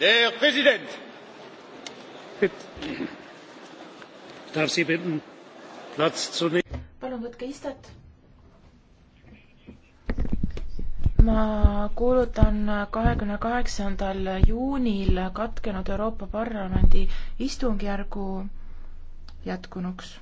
herr präsident! palun võtke istet. ma kuulutan 28. juunil katkenud euroopa parlamendi istungjärgu jätkunuks.